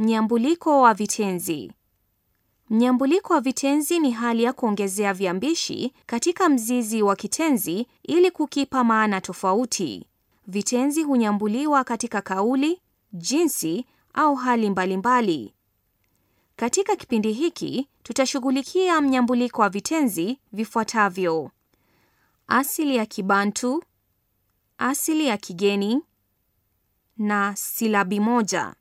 Mnyambuliko wa vitenzi. Mnyambuliko wa vitenzi ni hali ya kuongezea viambishi katika mzizi wa kitenzi ili kukipa maana tofauti. Vitenzi hunyambuliwa katika kauli, jinsi au hali mbalimbali mbali. Katika kipindi hiki tutashughulikia mnyambuliko wa vitenzi vifuatavyo: asili ya Kibantu, asili ya kigeni na silabi moja.